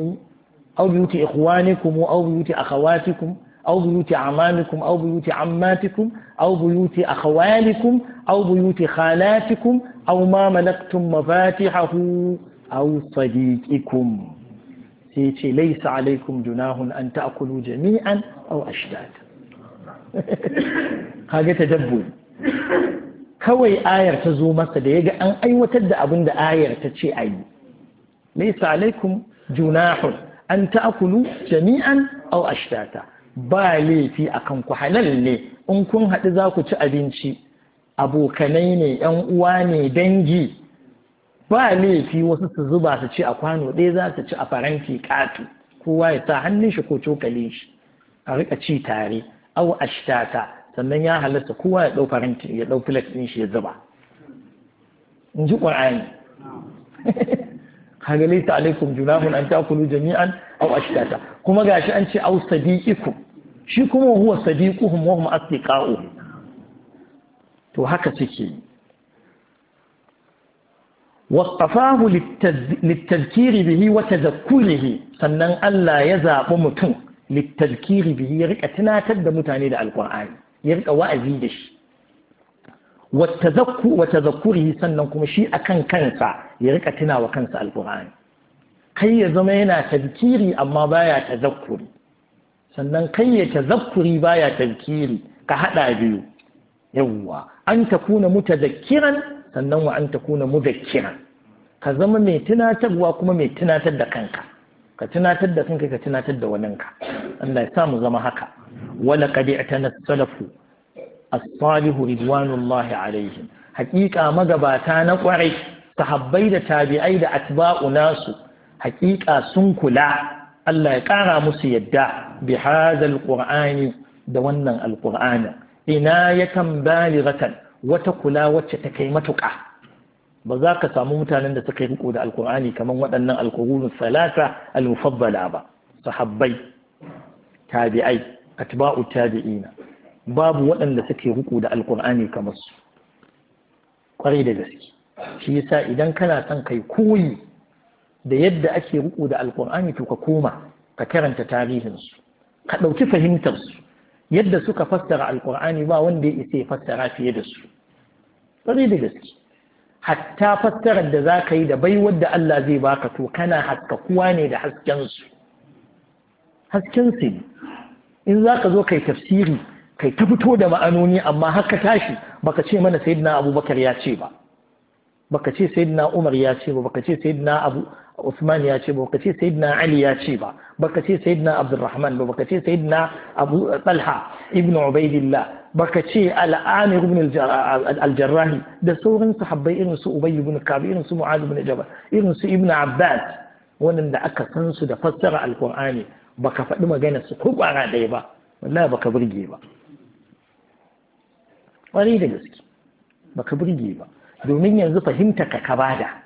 aw buyuti ikhwanikum aw buyuti akhawatikum أو بيوت أعمامكم أو بيوت عماتكم أو بيوت أخوالكم أو بيوت خالاتكم أو ما ملكتم مفاتحه أو صديقكم sai ce laisa alaikum junahun an ta'kulu jami'an aw ashdad [laughs] kage dabbobi. kawai ayar ta zo masa da yaga an aiwatar da abin da ayar ta ce ayi laisa alaikum junahun an ta'kulu jami'an aw ashdata ba laifi a kan ku halal ne in kun haɗu za ku ci abinci abokanai ne ‘yan uwa ne dangi ba laifi wasu su zuba su ci a kwano ɗaya za su ci a faranti ƙatu kowa ya sa hannun shi ko cokalin shi a rika ci tare au ashtata sannan ya halatta kowa ya ɗau faranti ya ɗau plate ɗin shi ya zuba in ji ka kaga ta alaikum juna junahun an takulu jami'an au ashtata kuma gashi an ce au sadiqikum shi kuma huwa sadiquhum wa hum asdiqa'uhum to haka suke yi واصطفاه للتذكير به وتذكره سنن ألا يزاق متن للتذكير به يرك أتناتد متاني القرآن يرك وأزيدش والتذكر وتذكره سننكم شيء أكن كنسا يرك أتنا وكنسا القرآن kai ya zama yana tazkiri amma baya tazakkuri sannan kai ya tazakkuri baya tazkiri ka hada biyu yawwa an takuna mutazakkiran sannan wa an takuna mudakkira ka zama mai tunatarwa kuma mai tunatar da kanka ka tunatar da kanka ka tunatar da waninka Allah ya samu zama haka wala qad i'tana salafu as-salihu ridwanullahi alaihim haƙiƙa magabata na ƙwarai sahabbai da tabi'ai da atba'u nasu haƙiƙa sun kula Allah ya ƙara musu yadda bi hadha al-qur'ani da wannan al-qur'ani ina yakan balighatan wata kula wacce ta kai matuƙa ba za ka samu mutanen da suka yi riko da alkur'ani kamar waɗannan alkurunun salasa almufabbala ba sahabbai tabi'ai atba'u tabi'ina babu waɗanda suke riko da alkur'ani kamar su kwarai da gaske shi yasa idan kana son kai koyi da yadda ake riko da alkur'ani to ka koma ka karanta tarihin su, ka ɗauki fahimtar su. yadda suka fassara alkur'ani ba wanda ya isa ya fassara fiye da su ƙwarai da gaske hatta fassarar da za ka yi da baiwar da Allah zai baka to kana haskakuwa ne da haskensu haskensu ne in za ka zo kai tafsiri kai ta fito da ma'anoni amma haka tashi baka ce mana sayyidina abubakar ya ce ba baka ce sayyidina umar ya ce ba baka ce sayyidina abu Usman ya ce ba baka ce Sayyidina Ali ya ce ba baka ce Sayyidina Abdurrahman ba baka ce Sayyidina Abu Talha ibn Ubaidillah baka ce Al-Amir ibn Al-Jarrah da sauran sahabbai irin su Ubay ibn Ka'b irin su Mu'adh ibn Jabal irin su Ibn Abbas wannan da aka san su da fassara Al-Qur'ani baka faɗi magana su ko kwara ɗaya ba wallahi baka burge ba ƙwarai da gaske baka burge ba domin yanzu fahimta ka bada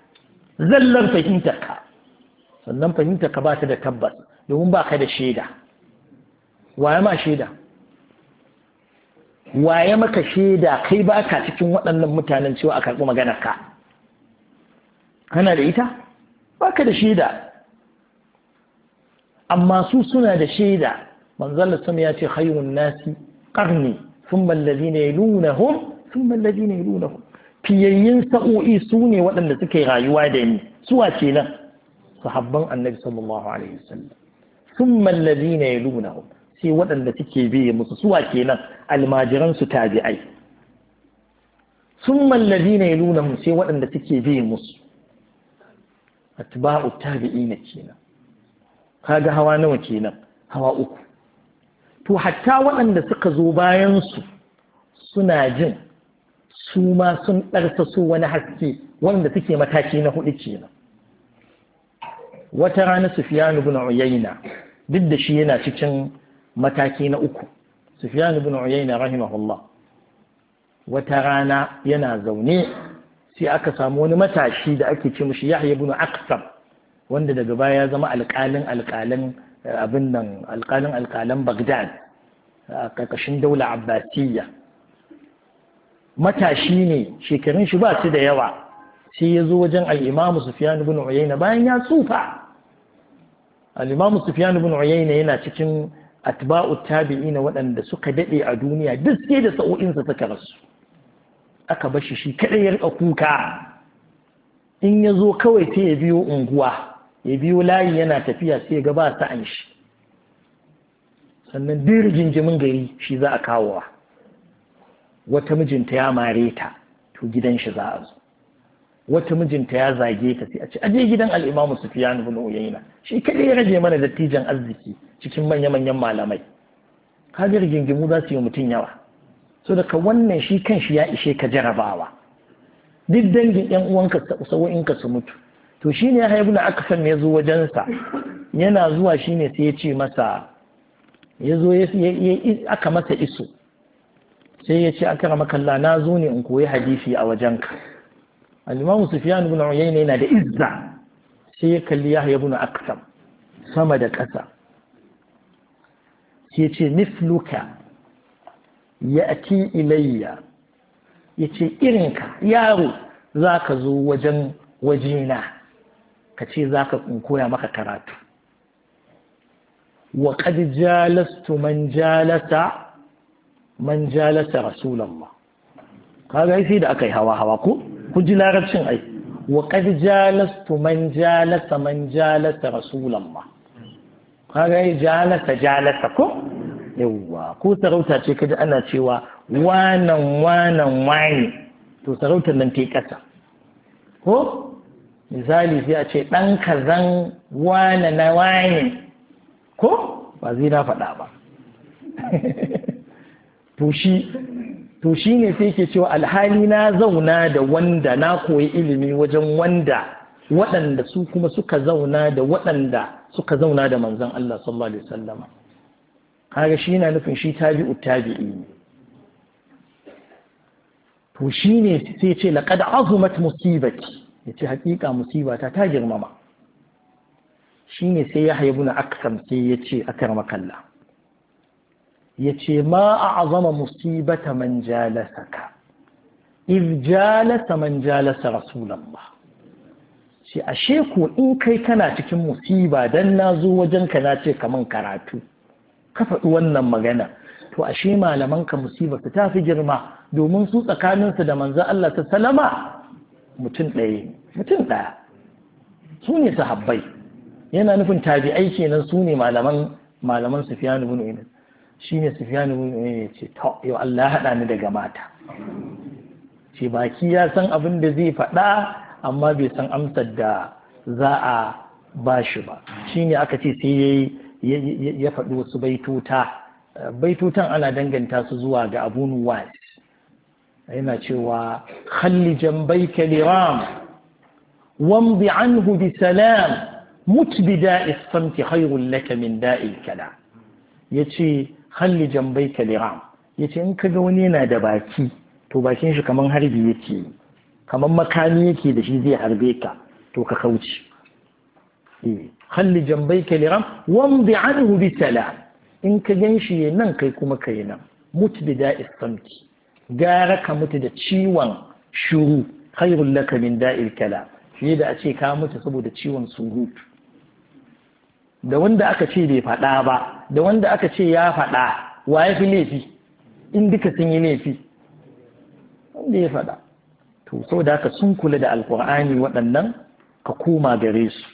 zallar fahimtar ka sannan fahimta ka ba ta da tabbas domin ba ka da shaida waye ma shaida waye maka shaida kai ba ka cikin waɗannan mutanen cewa a karɓi maganar ka kana da ita ba ka da shaida amma su suna da shaida manzon Allah ya ce khayrun nasi sun qarni thumma Sun yalunahum thumma alladhina yalunahum Fiyayyen sa'o'i su ne waɗanda suke rayuwa da ni suwa nan. sahabban annabi sallallahu alaihi wasallam ثم الذين يلونهم sai waɗanda suke biye musu suwa kenan almajiran su tabi'ai sun mallabi na yalunahum sai waɗanda suke biye musu atba'u tabi'ina kenan kaga hawa nawa kenan hawa uku to hatta waɗanda suka zo bayan su suna jin su ma sun ɗarsa su wani haske waɗanda suke mataki na hudu kenan wata rana Sufyan ibn Uyayna duk da shi yana cikin mataki na uku Sufyan ibn Uyayna rahimahullah wata rana yana zaune sai aka samu wani matashi da ake ce mishi Yahya ibn Aqsam wanda daga baya ya zama alƙalin alƙalin abin nan alƙalin alƙalan Baghdad a ƙarƙashin daula Abbasiyya matashi ne shekarun shi ba su da yawa sai ya zo wajen al'imamu Sufyan ibn Uyayna bayan ya tsufa Alimamu Sufiyanu bin ibn uyayna yana cikin atba'u tabi'ina waɗanda suka daɗe a duniya duk sai da sa'o'insa suka rasu aka bashi shi kaɗai kadai ya riƙa kuka in ya zo kawai sai ya biyo unguwa ya biyo layi yana tafiya sai ya ga ba anshi sannan duk jinjimin gari shi za a kawowa wata mijinta ya mare ta to gidan shi za a zo wata mijinta ya zage ka sai a ce aje gidan al'imamu sufiyan ibn uyayna shi kadai ya rage mana dattijan arziki cikin manya-manyan malamai ga rigingimu za su yi mutum yawa so daga wannan shi kan shi ya ishe ka jarabawa duk dangin yan uwanka sa'o'inka su mutu to shine ya haibu na aka san ya zo wajensa yana zuwa shine sai ya ce masa ya zo ya aka masa iso sai ya ce aka ramakalla na zo ne in koyi hadisi a wajenka al-imamu sufyan ibn uyayna yana da izza sai ya kalli yahya ibn aksam sama da ƙasa sai ce misluka ya'ti ilayya yace irinka yaro ka zo wajen wajena ka ce ka koya maka karatu wa qad jalastu man jalasa man jalasa rasulullah kaga sai da aka yi hawa hawa ko ku ji larabcin ai wa qad jalastu man jalasa man jalasa rasulullah kaga ai jalasa jalasa ko yawwa ko sarauta ce kaji ana cewa wanan wanan wani to sarautar nan ta kasa ko misali sai a ce ɗan kazan wana na wani ko ba zai na faɗa ba [laughs] to shi to ne sai ke cewa alhali na zauna da wanda na koyi ilimi wajen wanda waɗanda su kuma suka zauna da waɗanda suka zauna da manzan Allah sallallahu alaihi kaga shi na nufin shi tabi'u tabi'i ne to shine sai ce laqad azumat musibati yace hakika musibata ta girmama Shi ne sai ya haibu na aksam sai yace akar makalla ya ce ma a azama musibata man jalasaka iz jalasa man jalasa rasulallah shi ashe ko in kai kana cikin musiba dan na zo wajen ka na ce kaman karatu ka faɗi wannan magana to ashe malaman ka musiba su ta fi girma domin su tsakaninsu da manzo Allah ta salama mutum ɗaya mutum ɗaya su ne sahabbai yana nufin tabi'ai kenan su ne malaman malaman Sufyan ibn shi ne sufiyanu ne eh, ce ta yau Allah haɗa ni daga mata ce baki ya san abin da zai faɗa amma bai san amsar da za a ba shi ba shi ne aka ce sai ya faɗi wasu baituta baitutan ana danganta su zuwa ga abun nuwas yana cewa halli jambaika liram wamdi anhu bi salam mut bi da'i samti khairul laka min da'i ya yace halli jambai kaliram ya ce in ga wani yana da baki to bakin shi kamar harbi yake kamar makami yake da shi zai harbe ka to ka kauce eh, halli jambai kaliram wamdi anhu bi salam in ka gan shi nan kai kuma kai nan mutu da da'i samti gara ka mutu da ciwon shuru khairul laka min da'il kalam fiye da a ce ka mutu saboda ciwon surutu da wanda aka ce bai faɗa ba da wanda aka ce ya faɗa wa ya fi laifi in duka sun yi laifi wanda ya faɗa to saboda da ka sun kula da alkur'ani waɗannan ka koma gare su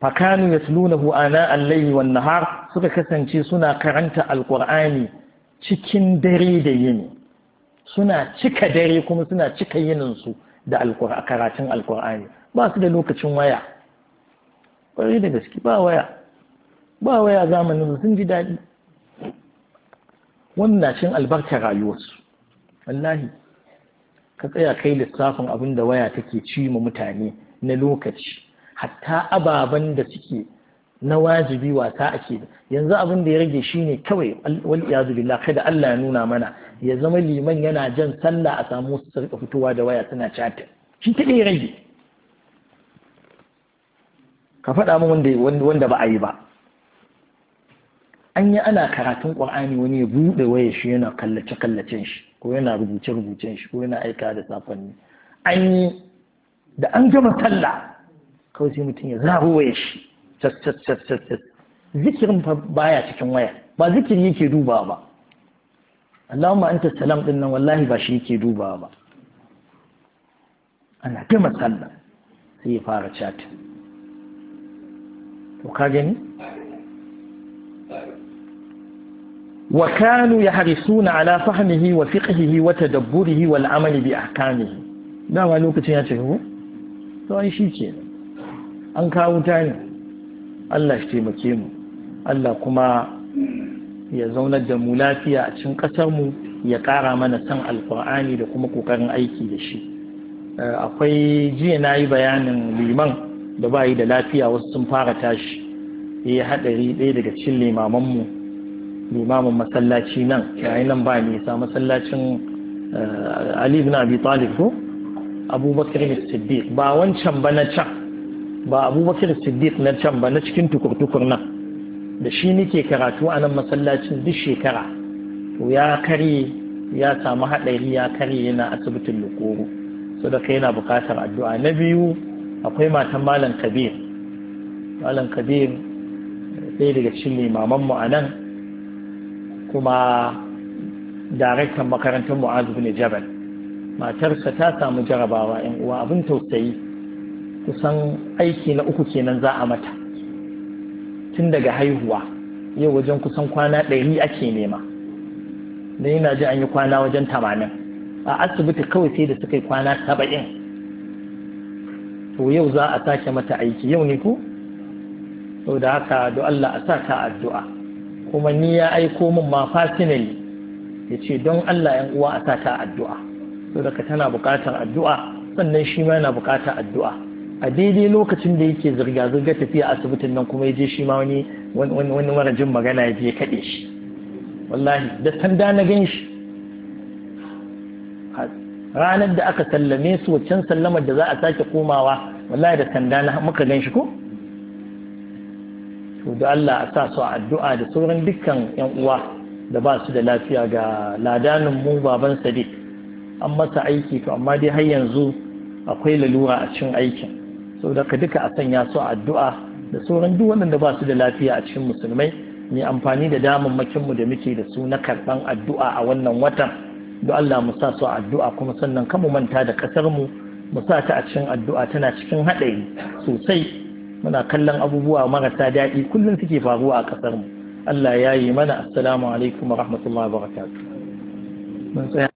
fakanu ya hu ana allahi wan har suka kasance suna karanta alkur'ani cikin dare da yini suna cika dare kuma suna cika yininsu da karatun alkur'ani ba su da lokacin waya kwarai da gaske ba waya ba waya zamanin sun ji daɗi wannan cin albarkar rayuwarsu wallahi ka tsaya kai lissafin abin da waya take ci ma mutane na lokaci hatta ababen da suke na wajibi wasa ake yanzu abin da ya rage shi ne kawai wal iyazu billah da Allah ya nuna mana ya zama liman yana jan sallah a samu su rika fitowa da waya suna chatin shi ta rage ka faɗa min wanda ba a yi ba an yi ana karatun ƙwar'ani wani ya buɗe waya shi yana kallace-kallacen shi ko yana rubuce-rubucen shi ko yana aika da safanni an yi da an gama talla kawai sai mutum ya zaro waya shi zikirin fa baya cikin waya ba zikiri yake duba ba Allahumma anta salam din nan wallahi ba shi yake duba ba ana gama sallah sai ya fara chatin to ka gani wa kanu yahrisuna ala fahimihi wa fiƙihihi wata dabburihi wal amali bi ahkamihi dama lokacin ya ce ko to an shi ke an kawo ta ne Allah shi taimake mu Allah kuma ya zaunar da mu lafiya a cikin ƙasar mu ya ƙara mana san alkur'ani da kuma ƙoƙarin aiki da shi eh, akwai jiya na yi bayanin liman da bayi da lafiya wasu sun fara tashi ya eh, yi haɗari ɗaya daga cikin limamanmu limamin masallaci nan yayin nan ba nisa masallacin eh, ali ibn abi talib ko abubakar siddiq ba wancan ba na can ba abubakar siddiq na can ba na cikin tukur nan da shi nike karatu a nan masallacin duk shekara to ya kare ya samu haɗari ya kare yana asibitin lokoro sadaka yana buƙatar addu'a na biyu akwai matan malam kabir malam kabir sai daga cikin limaman mu a nan kuma daraktan makarantar mu'azu bin jabal matarsa ta samu jarabawa in uwa abin tausayi kusan aiki na uku kenan za a mata tun daga haihuwa yau wajen kusan kwana ɗari ake nema na yana ji an yi kwana wajen tamanin a asibiti kawai sai da suka yi kwana saba'in to yau za a sake mata aiki yau ne ko to da haka do Allah a sa ta addu'a kuma ni ya aiko min ma personally ya ce don Allah yan uwa a sa addu'a to daga tana buƙatar addu'a sannan shi ma yana buƙatar addu'a a daidai lokacin da yake zirga-zirga tafiya asibitin nan kuma ya je shi ma wani wani wani marajin magana ya je kaɗe shi wallahi da tanda na gan shi ranar da aka sallame su waccan sallamar da za a sake komawa wallahi da sanda na muka gan shi ko to da Allah a sa su a addu'a da sauran dukkan yan uwa da ba su da lafiya ga ladanin mu baban sadiq an masa aiki to amma dai har yanzu akwai lalura a cikin aikin saboda ka duka a sanya su a addu'a da sauran duk wanda ba su da lafiya a cikin musulmai ne amfani da damammakin mu da muke da su na karɓan addu'a a wannan watan don Allah mu sa su addu'a kuma sannan kan mu manta da ƙasar mu mu sa ta a cikin addu'a tana cikin haɗari sosai muna kallon abubuwa marasa daɗi kullum suke faruwa a ƙasarmu, mu Allah ya yi mana assalamu alaikum wa rahmatullahi wa barakatuh